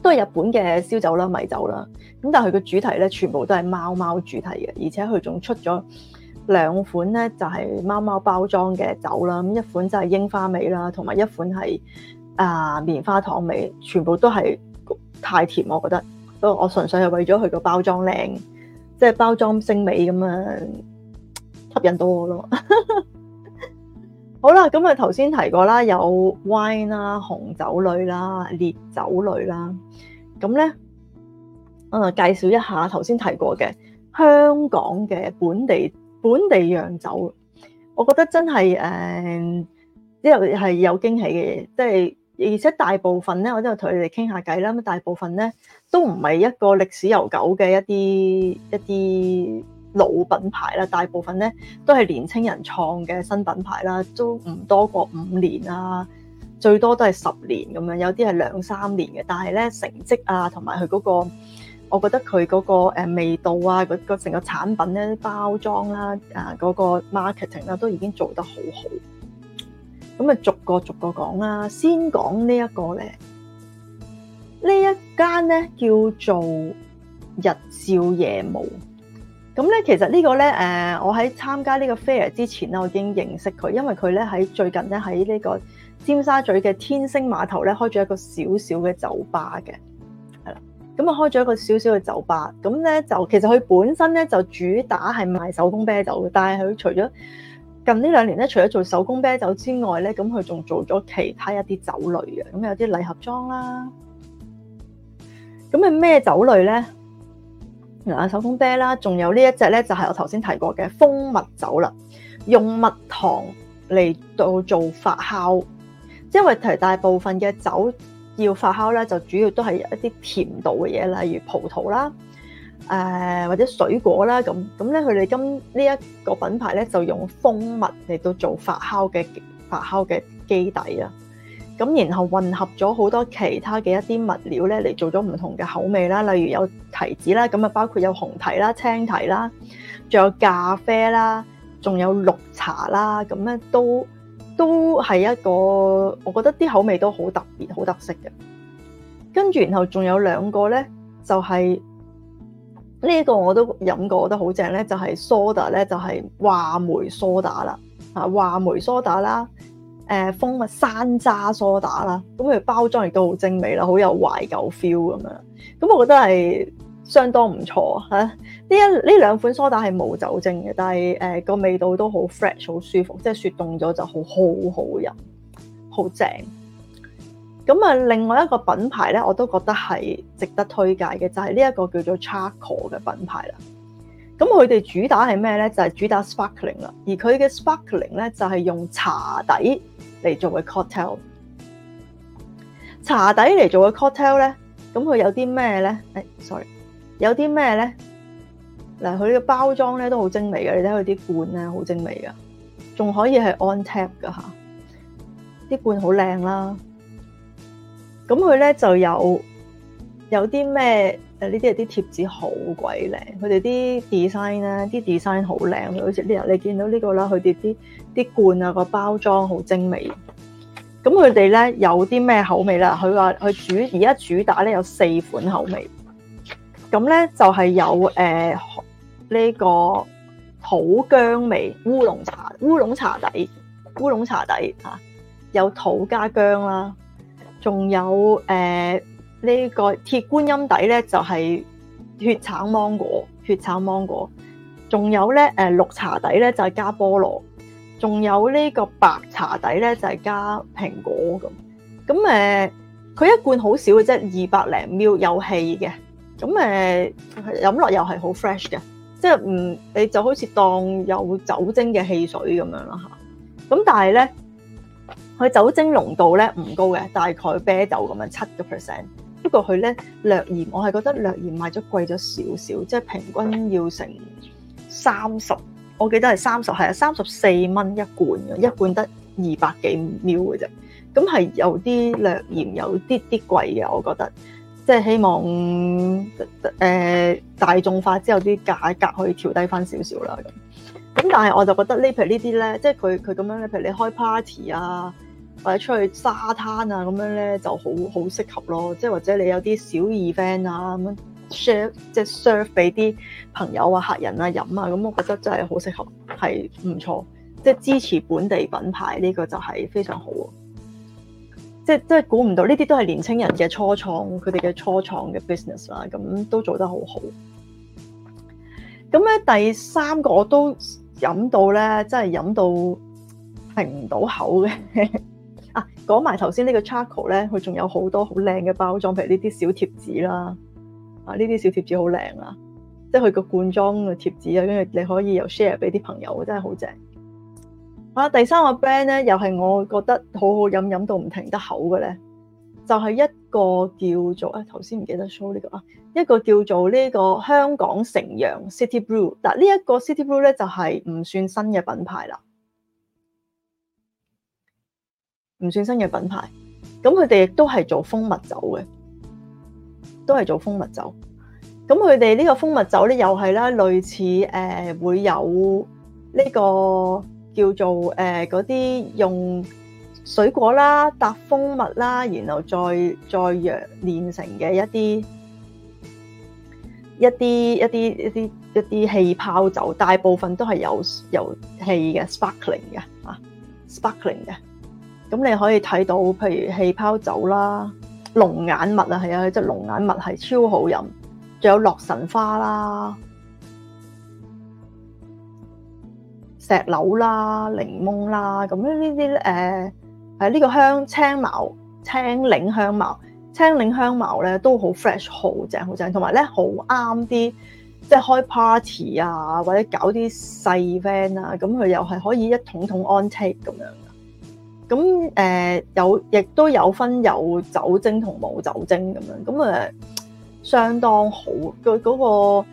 都係日本嘅燒酒啦、米酒啦，咁但係佢嘅主題咧全部都係貓貓主題嘅，而且佢仲出咗兩款咧就係貓貓包裝嘅酒啦，咁一款就係櫻花味啦，同埋一款係啊棉花糖味，全部都係太甜，我覺得，所以我純粹係為咗佢個包裝靚，即係包裝精美咁啊吸引到我咯。 好啦，咁啊，頭先提過啦，有 wine 啦、紅酒類啦、烈酒類啦，咁咧啊，我就介紹一下頭先提過嘅香港嘅本地本地洋酒，我覺得真係誒，因為係有驚喜嘅嘢，即係而且大部分咧，我都有同你哋傾下偈啦，咁大部分咧都唔係一個歷史悠久嘅一啲一啲老品牌啦，大部分咧都係年青人創嘅新品牌啦，都唔多過五年啦，最多都係十年咁樣，有啲係兩三年嘅。但係咧成績啊，同埋佢嗰個，我覺得佢嗰個味道啊，嗰成個產品咧、包裝啦、啊、啊、那、嗰個 marketing 啦、啊，都已經做得好好。咁啊，逐個逐個講啦，先講呢個呢呢一個咧，呢一間咧叫做日照夜霧。咁咧，其實呢個咧，誒，我喺參加呢個 fair 之前咧，我已經認識佢，因為佢咧喺最近咧喺呢個尖沙咀嘅天星碼頭咧開咗一個小小嘅酒吧嘅，係啦，咁啊開咗一個小小嘅酒吧，咁咧就其實佢本身咧就主打係賣手工啤酒嘅，但係佢除咗近呢兩年咧，除咗做手工啤酒之外咧，咁佢仲做咗其他一啲酒類嘅，咁有啲禮盒裝啦，咁係咩酒類咧？啊！手工啤啦，仲有呢一隻咧，就係我頭先提過嘅蜂蜜酒啦。用蜜糖嚟到做發酵，因為其實大部分嘅酒要發酵咧，就主要都係有一啲甜度嘅嘢，例如葡萄啦，誒、呃、或者水果啦。咁咁咧，佢哋今呢一個品牌咧，就用蜂蜜嚟到做發酵嘅發酵嘅基底啦。咁然後混合咗好多其他嘅一啲物料咧嚟做咗唔同嘅口味啦，例如有提子啦，咁啊包括有紅提啦、青提啦，仲有咖啡啦，仲有綠茶啦，咁咧都都係一個，我覺得啲口味都好特別、好特色嘅。跟住然後仲有兩個咧，就係呢一個我都飲過，覺得好正咧，就係、是、梳打咧，就係話梅梳打啦，嚇話梅梳打啦。誒蜂蜜山楂梳打啦，咁佢包裝亦都好精美啦，好有懷舊 feel 咁樣。咁我覺得係相當唔錯啊。呢一呢兩款梳打係冇酒精嘅，但係誒個味道都好 fresh，好舒服，即係雪凍咗就好好好飲，好正。咁啊，另外一個品牌咧，我都覺得係值得推介嘅，就係呢一個叫做 Chako 嘅品牌啦。咁佢哋主打係咩咧？就係主打 sparkling 啦。而佢嘅 sparkling 咧，就係用茶底嚟做嘅 cocktail。茶底嚟做嘅 cocktail 咧，咁佢有啲咩咧？哎，sorry，有啲咩咧？嗱，佢呢個包裝咧都好精美嘅，你睇佢啲罐咧好精美噶，仲可以係 on tap 噶嚇。啲罐好靚啦。咁佢咧就有有啲咩？誒呢啲係啲貼紙好鬼靚，佢哋啲 design 咧，啲 design 好靚，好似呢，日你見到呢個啦，佢哋啲啲罐啊個包裝好精美。咁佢哋咧有啲咩口味啦？佢話佢主而家主打咧有四款口味。咁咧就係、是、有誒呢、呃這個土薑味烏龍茶、烏龍茶底、烏龍茶底嚇，有土加薑啦，仲有誒。呃呢個鐵觀音底咧就係血橙芒果，血橙芒果，仲有咧誒綠茶底咧就係加菠蘿，仲有呢個白茶底咧就係加蘋果咁咁誒。佢一罐好少嘅啫，二百零 ml 有氣嘅，咁誒飲落又係好 fresh 嘅，即係唔你就好似當有酒精嘅汽水咁樣啦嚇。咁但係咧佢酒精濃度咧唔高嘅，大概啤酒咁樣七個 percent。不過佢咧，略嫌我係覺得略嫌賣咗貴咗少少，即係平均要成三十，我記得係三十，係啊，三十四蚊一罐嘅，一罐得二百幾 ml 嘅啫。咁係有啲略嫌有啲啲貴嘅，我覺得，即係希望誒、呃、大眾化之後啲價格可以調低翻少少啦。咁咁但係我就覺得呢譬如呢啲咧，即係佢佢咁樣咧，譬如你開 party 啊。或者出去沙灘啊咁樣咧就好好適合咯，即係或者你有啲小 event 啊咁樣 share 即係 serve 俾啲朋友啊客人啊飲啊，咁我覺得真係好適合，係唔錯，即係支持本地品牌呢個就係非常好。即係即係估唔到呢啲都係年青人嘅初創，佢哋嘅初創嘅 business 啦，咁都做得好好。咁咧第三個我都飲到咧，真係飲到停唔到口嘅。啊，講埋頭先呢個 Chako 咧，佢仲有好多好靚嘅包裝，譬如呢啲小貼紙啦，啊呢啲小貼紙好靚啊，即係佢個罐裝嘅貼紙啊，跟住你可以又 share 俾啲朋友，真係好正。啊，第三個 brand 咧，又係我覺得好好飲飲到唔停得口嘅咧，就係、是、一個叫做啊頭先唔記得 show 呢、這個啊，一個叫做呢個香港城陽 Citibrew，但呢一個 Citibrew 咧就係、是、唔算新嘅品牌啦。唔算新嘅品牌，咁佢哋亦都係做蜂蜜酒嘅，都係做蜂蜜酒。咁佢哋呢個蜂蜜酒咧，又係啦，類似誒、呃、會有呢、這個叫做誒嗰啲用水果啦、搭蜂蜜啦，然後再再釀煉成嘅一啲一啲一啲一啲一啲氣泡酒，大部分都係有有氣嘅 sparkling 嘅啊，sparkling 嘅。咁你可以睇到，譬如氣泡酒啦、龍眼蜜啊，係啊，即係龍眼蜜係超好飲，仲有洛神花啦、石榴啦、檸檬啦，咁呢啲誒誒呢個香青茅、青檸香茅、青檸香茅咧都好 fresh，好正好正，同埋咧好啱啲，即係開 party 啊，或者搞啲細 van 啊，咁佢又係可以一桶桶 on take 咁樣。咁誒、呃、有，亦都有分有酒精同冇酒精咁樣，咁相當好個嗰、嗰個，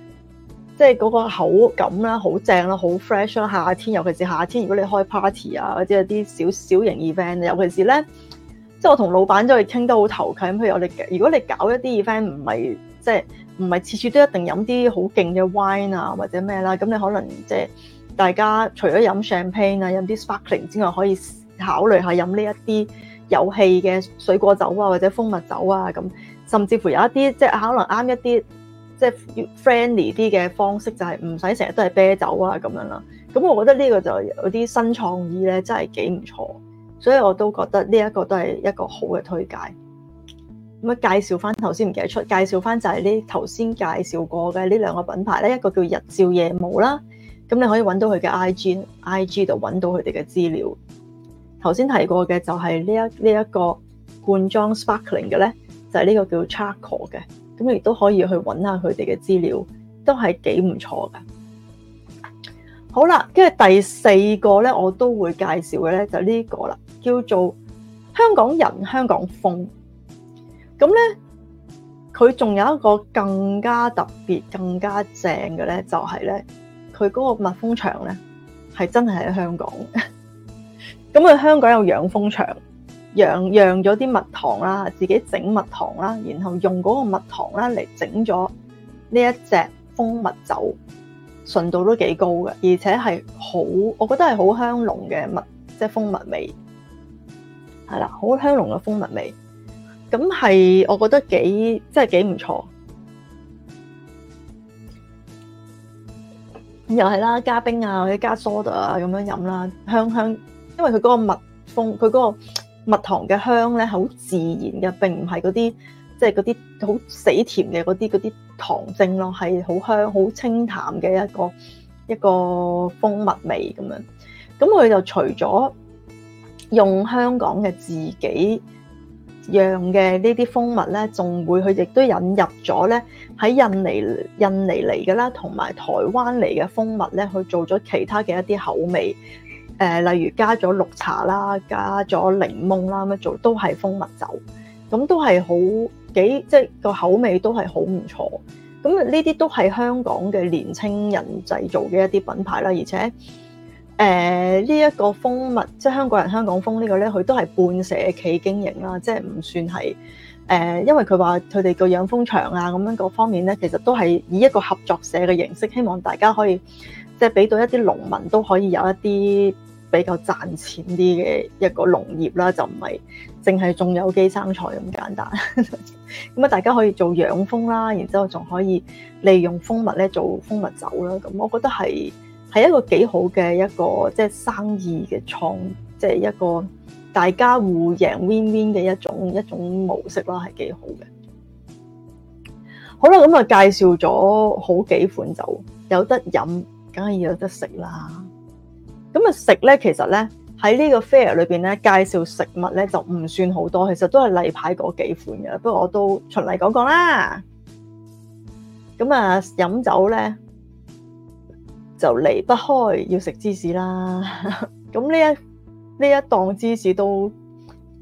即係嗰個口感啦，好正啦，好 fresh 啦。夏天尤其是夏天，如果你開 party 啊，或者有啲小小型 event，尤其是咧，即係我同老闆都係傾得好投契咁。譬如我哋，如果你搞一啲 event 唔係即係唔係次次都一定飲啲好勁嘅 wine 啊，或者咩啦，咁你可能即係大家除咗飲 champagne 啊，飲啲 sparkling 之外，可以。考慮下飲呢一啲有氣嘅水果酒啊，或者蜂蜜酒啊咁，甚至乎有一啲即係可能啱一啲，即係要 friendly 啲嘅方式，就係唔使成日都係啤酒啊咁樣啦。咁我覺得呢個就有啲新創意咧，真係幾唔錯。所以我都覺得呢一個都係一個好嘅推介。咁啊，介紹翻頭先唔記得出，介紹翻就係呢頭先介紹過嘅呢兩個品牌咧，一個叫日照夜霧啦。咁你可以搵到佢嘅 IG，IG 度搵到佢哋嘅資料。頭先提過嘅就係、這個、呢一呢一個罐裝 sparkling 嘅咧，就係、是、呢個叫 Chako 嘅，咁亦都可以去揾下佢哋嘅資料，都係幾唔錯嘅。好啦，跟住第四個咧，我都會介紹嘅咧，就呢、是、個啦，叫做香港人香港風。咁咧，佢仲有一個更加特別、更加正嘅咧，就係、是、咧，佢嗰個蜜蜂場咧，係真係喺香港。咁佢香港有養蜂場，養養咗啲蜜糖啦，自己整蜜糖啦，然後用嗰個蜜糖啦嚟整咗呢一隻蜂蜜酒，純度都幾高嘅，而且係好，我覺得係好香濃嘅蜜，即係蜂蜜味，係啦，好香濃嘅蜂蜜味，咁係我覺得幾真係幾唔錯。又係啦，加冰啊，或者加 soda 啊，咁樣飲啦，香香。因為佢嗰個蜜蜂，佢嗰個蜜糖嘅香咧係好自然嘅，並唔係嗰啲即係嗰啲好死甜嘅嗰啲啲糖精咯，係好香好清淡嘅一個一個蜂蜜味咁樣。咁、嗯、佢就除咗用香港嘅自己釀嘅呢啲蜂蜜咧，仲會佢亦都引入咗咧喺印尼印尼嚟嘅啦，同埋台灣嚟嘅蜂蜜咧去做咗其他嘅一啲口味。誒，例如加咗綠茶啦，加咗檸檬啦，咁做都係蜂蜜酒，咁都係好幾，即係個口味都係好唔錯。咁呢啲都係香港嘅年青人製造嘅一啲品牌啦，而且誒呢一個蜂蜜，即係香港人香港蜂呢、這個咧，佢都係半社企經營啦，即係唔算係誒、呃，因為佢話佢哋個養蜂場啊，咁樣嗰方面咧，其實都係以一個合作社嘅形式，希望大家可以。即係俾到一啲農民都可以有一啲比較賺錢啲嘅一個農業啦，就唔係淨係種有機生菜咁簡單。咁啊，大家可以做養蜂啦，然之後仲可以利用蜂蜜咧做蜂蜜酒啦。咁我覺得係係一個幾好嘅一個即係生意嘅創，即係一個大家互贏 win win 嘅一種一種模式啦，係幾好嘅。好啦，咁啊介紹咗好幾款酒，有得飲。梗係要有得食啦！咁啊食咧，其實咧喺呢個 fair 裏邊咧介紹食物咧就唔算好多，其實都係例牌嗰幾款嘅。不過我都循例講講啦。咁啊，飲酒咧就離不開要食芝士啦。咁 呢一呢一檔芝士都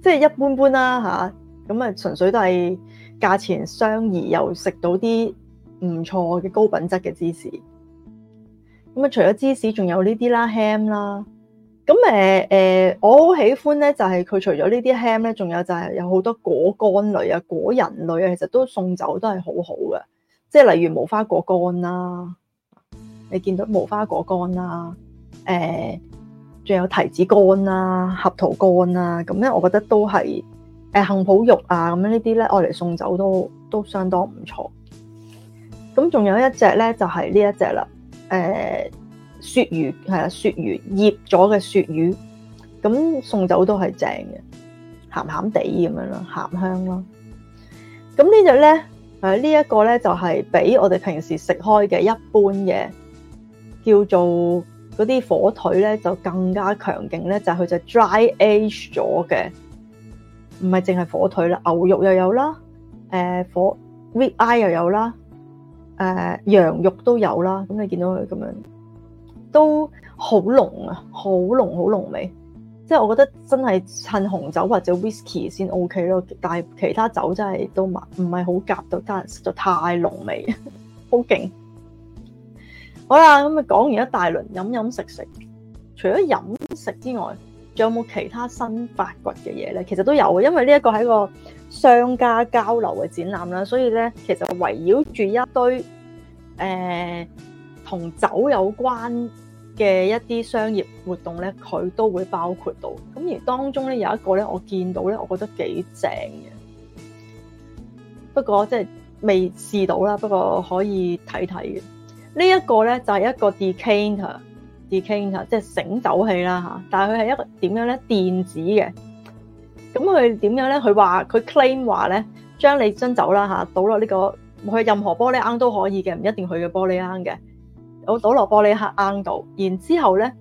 即係一般般啦，吓，咁啊，純粹都係價錢相宜，又食到啲唔錯嘅高品質嘅芝士。咁啊，除咗芝士，仲有呢啲啦，ham 啦。咁誒誒，我好喜歡咧，就係佢除咗呢啲 ham 咧，仲有就係有好多果乾類啊、果仁類啊，其實都送酒都係好好嘅。即係例如無花果乾啦，你見到無花果乾啦，誒、呃，仲有提子乾啦、合桃乾啦。咁咧，我覺得都係誒杏脯肉啊，咁樣呢啲咧，用嚟送酒都都相當唔錯。咁仲有一隻咧，就係呢一隻啦。誒鱈魚係啊，鱈魚醃咗嘅鱈魚，咁餸酒都係正嘅，鹹鹹地咁樣咯，鹹香咯。咁呢隻咧，誒、啊這個、呢一個咧就係、是，比我哋平時食開嘅一般嘅叫做嗰啲火腿咧，就更加強勁咧，就係、是、佢就 dry aged 咗嘅，唔係淨係火腿啦，牛肉又有啦，誒、呃、火 rib eye 又有啦。誒、uh, 羊肉都有啦，咁你見到佢咁樣都好濃啊，好濃好濃味，即係我覺得真係襯紅酒或者 whisky 先 OK 咯，但係其他酒真係都唔係好夾到，但係食在太濃味，好勁。好啦，咁啊講完一大輪飲飲食食，除咗飲食之外，仲有冇其他新發掘嘅嘢咧？其實都有嘅，因為呢一個係一個。商家交流嘅展覽啦，所以咧其實圍繞住一堆誒同、呃、酒有關嘅一啲商業活動咧，佢都會包括到。咁而當中咧有一個咧，我見到咧，我覺得幾正嘅。不過即係未試到啦，不過可以睇睇嘅。呢、這個、一個咧就係一個 Decanter，Decanter 即係醒酒器啦嚇。但係佢係一個點樣咧？電子嘅。咁佢點樣咧？佢話佢 claim 話咧，將你樽酒啦倒落呢、這個佢任何玻璃盎都可以嘅，唔一定佢嘅玻璃盎嘅，我倒落玻璃黑盎度，然之後咧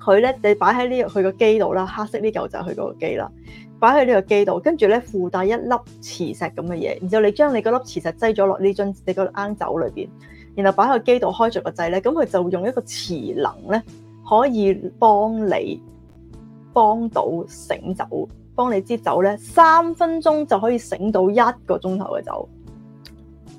佢咧你擺喺呢個佢個機度啦，黑色個呢嚿就係佢嗰個機啦，擺喺呢個機度，跟住咧附帶一粒磁石咁嘅嘢，然後你將你嗰粒磁石擠咗落呢樽你個盎酒裏邊，然後擺喺個機度開著個掣咧，咁佢就會用一個磁能咧可以幫你。幫到醒酒，幫你支酒咧三分鐘就可以醒到一個鐘頭嘅酒，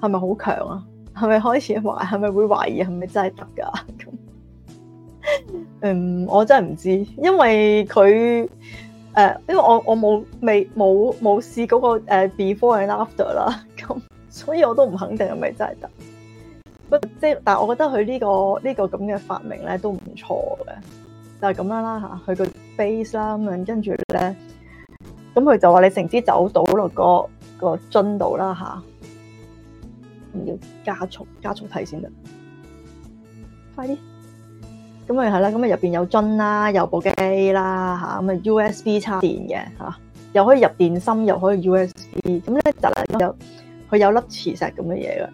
係咪好強啊？係咪開始懷？係咪會懷疑？係咪真係得噶？咁， 嗯，我真係唔知道，因為佢誒、呃，因為我我冇未冇冇試嗰個誒、呃、before and after 啦，咁、嗯、所以我都唔肯定係咪真係得。不即係，但係我覺得佢呢、這個呢、這個咁嘅發明咧都唔錯嘅，就係、是、咁樣啦吓，佢個。base 啦咁樣，跟住咧，咁佢就話你成支酒倒落、嗰個、嗰個樽度啦吓，要加速加速睇先得，快啲。咁咪係啦，咁咪入邊有樽啦，有部機啦吓，咁啊 USB 插電嘅吓、啊，又可以入電芯，又可以 USB，咁咧就係有佢有粒磁石咁嘅嘢嘅。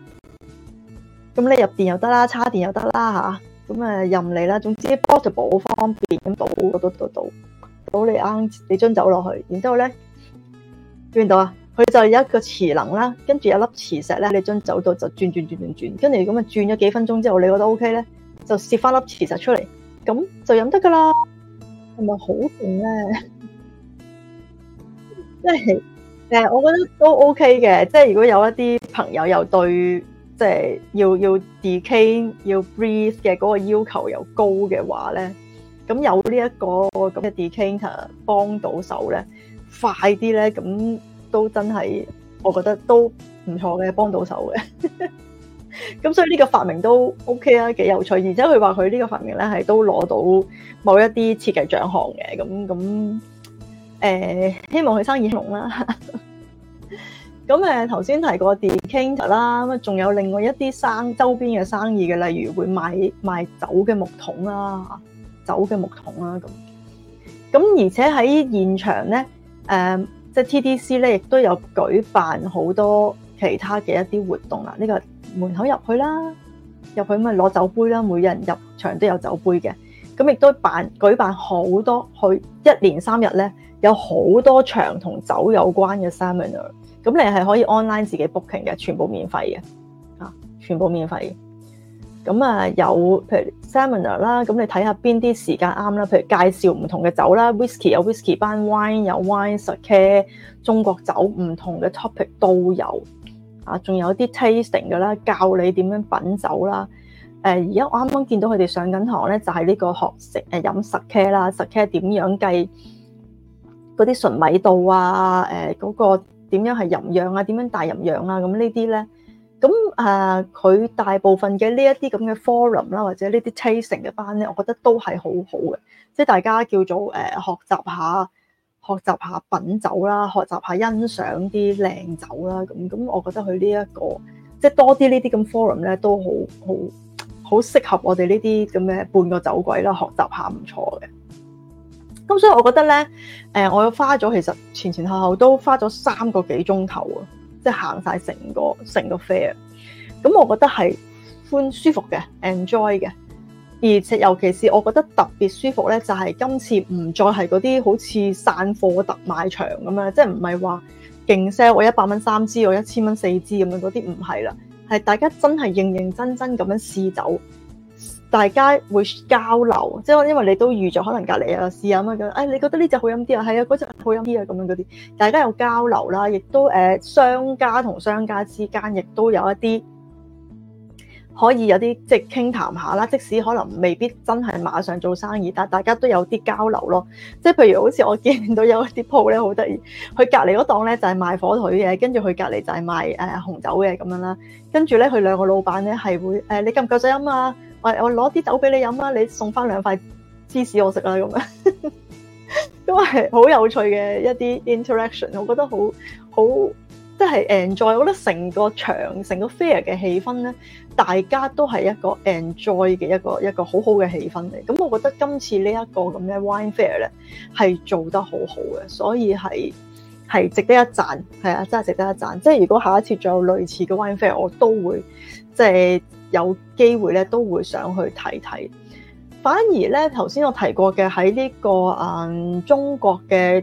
咁你入電又得啦，插電又得啦吓。啊咁啊，任你啦，總之 portable 好方便，咁倒嗰倒倒倒，倒你啱，你樽酒落去，然之後咧，見唔見到啊？佢就有一個磁能啦，跟住有一粒磁石咧，你樽酒度就轉轉轉轉轉，跟住咁啊轉咗幾分鐘之後，你覺得 OK 咧，就攝翻粒磁石出嚟，咁就飲得噶啦。係咪好勁咧？即係誒，我覺得都 OK 嘅。即係如果有一啲朋友又對。即係要要 decant 要 breathe 嘅嗰個要求又高嘅話咧，咁有呢、這、一個咁嘅 decanter 幫到手咧，快啲咧，咁都真係，我覺得都唔錯嘅，幫到手嘅。咁 所以呢個發明都 OK 啊，幾有趣。而且佢話佢呢個發明咧係都攞到某一啲設計獎項嘅。咁咁，誒、呃，希望佢生意興隆啦。咁誒，頭先提過，提過 Decanter 啦，咁仲有另外一啲生周邊嘅生意嘅，例如會賣賣酒嘅木桶啦，酒嘅木桶啦咁。咁而且喺現場咧，誒、呃，即係 TDC 咧，亦都有舉辦好多其他嘅一啲活動啦。呢、這個門口入去啦，入去咁啊攞酒杯啦，每個人入場都有酒杯嘅。咁亦都辦舉辦好多，去一連三日咧有好多場同酒有關嘅 seminar。咁你係可以 online 自己 booking 嘅，全部免費嘅啊！全部免費。咁啊，有譬如 seminar 啦，咁你睇下邊啲時間啱啦。譬如介紹唔同嘅酒啦，whisky 有 whisky 班 wine 有 wine sake 中國酒唔同嘅 topic 都有啊，仲有啲 tasting 嘅啦，教你點樣品酒啦。誒、呃，而家我啱啱見到佢哋上緊堂咧，就係、是、呢個學食誒、呃、飲 sake 啦，sake 點樣計嗰啲純米度啊？嗰、呃那個。點樣係飲釀啊？點樣大飲釀啊？咁呢啲咧，咁誒佢大部分嘅呢一啲咁嘅 forum 啦，或者呢啲 tasting 嘅班咧，我覺得都係好好嘅，即係大家叫做誒、呃、學習下、學習下品酒啦，學習下欣賞啲靚酒啦，咁咁我覺得佢呢一個即係多啲呢啲咁 forum 咧，都好好好適合我哋呢啲咁嘅半個酒鬼啦，學習下唔錯嘅。咁所以，我覺得咧，誒、呃，我花咗其實前前後後都花咗三個幾鐘頭啊，即係行晒成個成個 fair。咁我覺得係寬舒服嘅，enjoy 嘅，而且尤其是我覺得特別舒服咧，就係、是、今次唔再係嗰啲好似散貨特賣場咁樣，即係唔係話勁 sell 我一百蚊三支，我一千蚊四支咁樣嗰啲唔係啦，係大家真係認認真真咁樣試酒。大家會交流，即係因為你都預咗可能隔離啊試下乜咁。哎，你覺得呢隻好飲啲啊？係啊，嗰隻好飲啲啊咁樣嗰啲，大家有交流啦，亦都誒、呃、商家同商家之間亦都有一啲可以有啲即係傾談下啦。即使可能未必真係馬上做生意，但大家都有啲交流咯。即係譬如好似我見到有一啲鋪咧好得意，佢隔離嗰檔咧就係賣火腿嘅，跟住佢隔離就係賣誒、呃、紅酒嘅咁樣啦。跟住咧佢兩個老闆咧係會誒、呃，你夠唔夠水飲啊？我我攞啲酒俾你飲啊！你送翻兩塊芝士我食啦咁樣，都係好有趣嘅一啲 interaction 我。我覺得好好，即係 enjoy。我覺得成個場、成個 fair 嘅氣氛咧，大家都係一個 enjoy 嘅一個一個很好好嘅氣氛嚟。咁我覺得今次呢一個咁嘅 wine fair 咧，係做得很好好嘅，所以係係值得一讚。係啊，真係值得一讚。即係如果下一次仲有類似嘅 wine fair，我都會。即係有機會咧，都會想去睇睇。反而咧，頭先我提過嘅喺呢個啊、嗯、中國嘅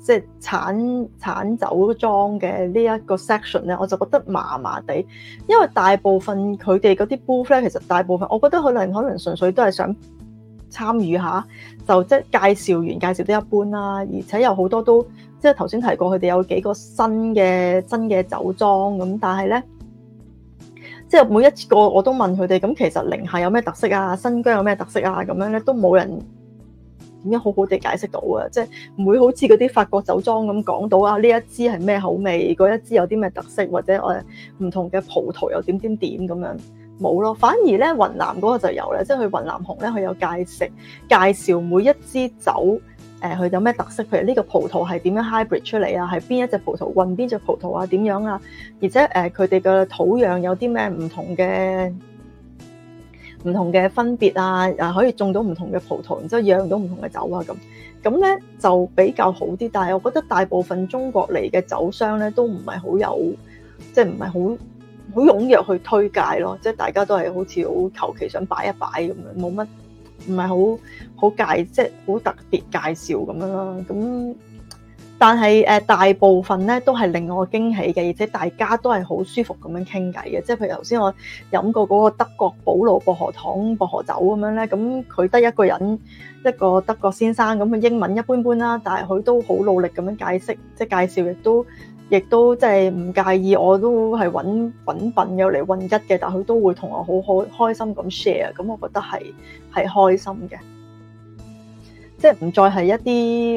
即係產產酒莊嘅呢一個 section 咧，我就覺得麻麻地，因為大部分佢哋嗰啲 booth 其實大部分，我覺得可能可能純粹都係想參與下，就即係介紹完介紹得一般啦，而且有好多都即係頭先提過，佢哋有幾個新嘅新嘅酒莊咁，但係咧。即係每一個我都問佢哋，咁其實寧夏有咩特色啊？新疆有咩特色啊？咁樣咧都冇人點樣好好地解釋到啊。即係唔會好似嗰啲法國酒莊咁講到啊，呢一支係咩口味，嗰一支有啲咩特色，或者誒唔同嘅葡萄又點點點咁樣冇咯。反而咧雲南嗰個就有喇，即係去雲南紅咧，佢有介食介紹每一支酒。誒、呃、佢有咩特色？譬如呢個葡萄係點樣 hybrid 出嚟啊？係邊一隻葡萄混邊一隻葡萄啊？點樣啊？而且誒佢哋嘅土壤有啲咩唔同嘅唔同嘅分別啊？啊，可以種到唔同嘅葡萄，然之後釀到唔同嘅酒啊咁。咁咧就比較好啲。但係我覺得大部分中國嚟嘅酒商咧都唔係好有，即係唔係好好踴躍去推介咯。即係大家都係好似好求其想擺一擺咁樣，冇乜。唔係好好介，即係好特別介紹咁樣咯。咁但係誒、呃，大部分咧都係令我驚喜嘅，而且大家都係好舒服咁樣傾偈嘅。即係譬如頭先我飲過嗰個德國保羅薄荷糖薄荷酒咁樣咧，咁佢得一個人，一個德國先生咁嘅，英文一般般啦，但係佢都好努力咁樣解釋，即係介紹亦都。亦都即係唔介意，我都係揾品笨又嚟混一嘅，但佢都會同我好好開心咁 share，咁我覺得係係開心嘅，即係唔再係一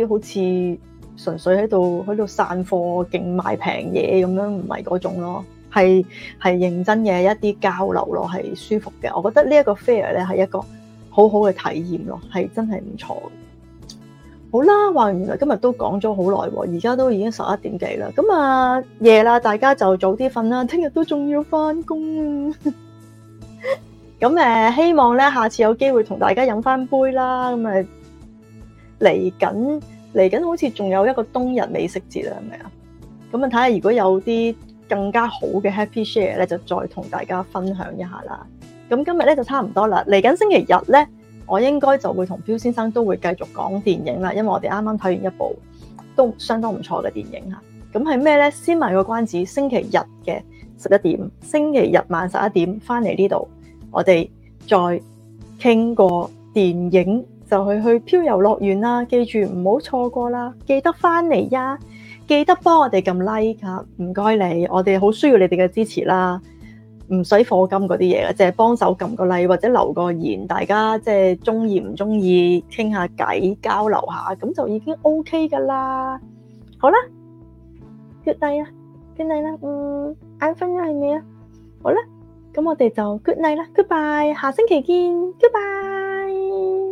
啲好似純粹喺度喺度散貨勁賣平嘢咁樣，唔係嗰種咯，係係認真嘅一啲交流咯，係舒服嘅。我覺得呢一,一,一個 fair 咧係一個好好嘅體驗咯，係真係唔錯嘅。好啦，話原來今日都講咗好耐，而家都已經十一點幾啦。咁啊夜啦，大家就早啲瞓啦。聽日都仲要翻工。咁 誒、啊，希望咧下次有機會同大家飲翻杯啦。咁啊，嚟緊嚟緊，好似仲有一個冬日美食節啊，係咪啊？咁啊，睇下如果有啲更加好嘅 Happy Share 咧，就再同大家分享一下啦。咁、啊、今日咧就差唔多啦。嚟緊星期日咧。我應該就會同標先生都會繼續講電影啦，因為我哋啱啱睇完一部都相當唔錯嘅電影嚇。咁係咩咧？先買個關子，星期日嘅十一點，星期日晚十一點翻嚟呢度，我哋再傾過電影就去去漂遊樂園啦。記住唔好錯過啦，記得翻嚟呀，記得幫我哋撳 like，呀，唔該你，我哋好需要你哋嘅支持啦。唔使課金嗰啲嘢嘅，即係幫手撳個 like 或者留個言，大家即係中意唔中意傾下偈交流下，咁就已經 OK 㗎啦。好啦，good night 啊，good night 啦，嗯，眼瞓啦係咪啊？好啦，咁我哋就 good night 啦，goodbye，下星期見，goodbye。